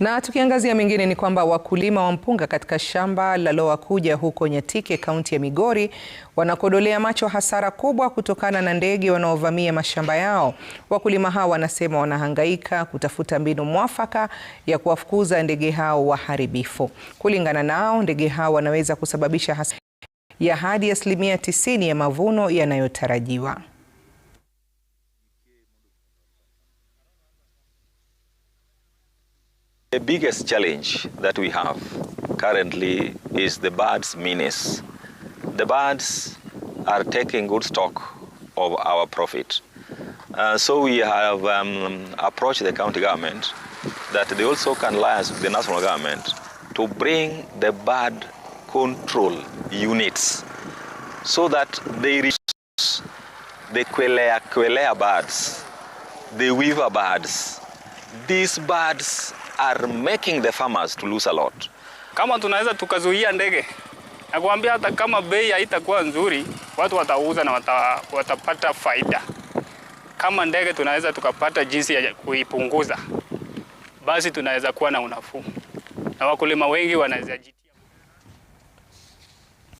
Na tukiangazia mengine ni kwamba wakulima wa mpunga katika shamba la Lowa Kuja huko Nyatike kaunti ya Migori wanakodolea macho hasara kubwa kutokana na ndege wanaovamia mashamba yao. Wakulima hao wanasema wanahangaika kutafuta mbinu mwafaka ya kuwafukuza ndege hao waharibifu. Kulingana nao, ndege hao wanaweza kusababisha hasara ya hadi asilimia 90 ya mavuno yanayotarajiwa. The biggest challenge that we have currently is the birds' menace. The birds are taking good stock of our profit. Uh, so we have um, approached the county government that they also can liaise with the national government to bring the bird control units so that they reach the Quelea, Quelea birds, the weaver birds. These birds are making the farmers to lose a lot. Kama tunaweza tukazuia ndege na kuambia, hata kama bei haitakuwa nzuri, watu watauza na wata, watapata faida. Kama ndege tunaweza tukapata jinsi ya kuipunguza, basi tunaweza kuwa na unafuu na wakulima wengi wanaweza